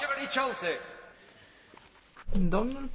Domnule. Domnul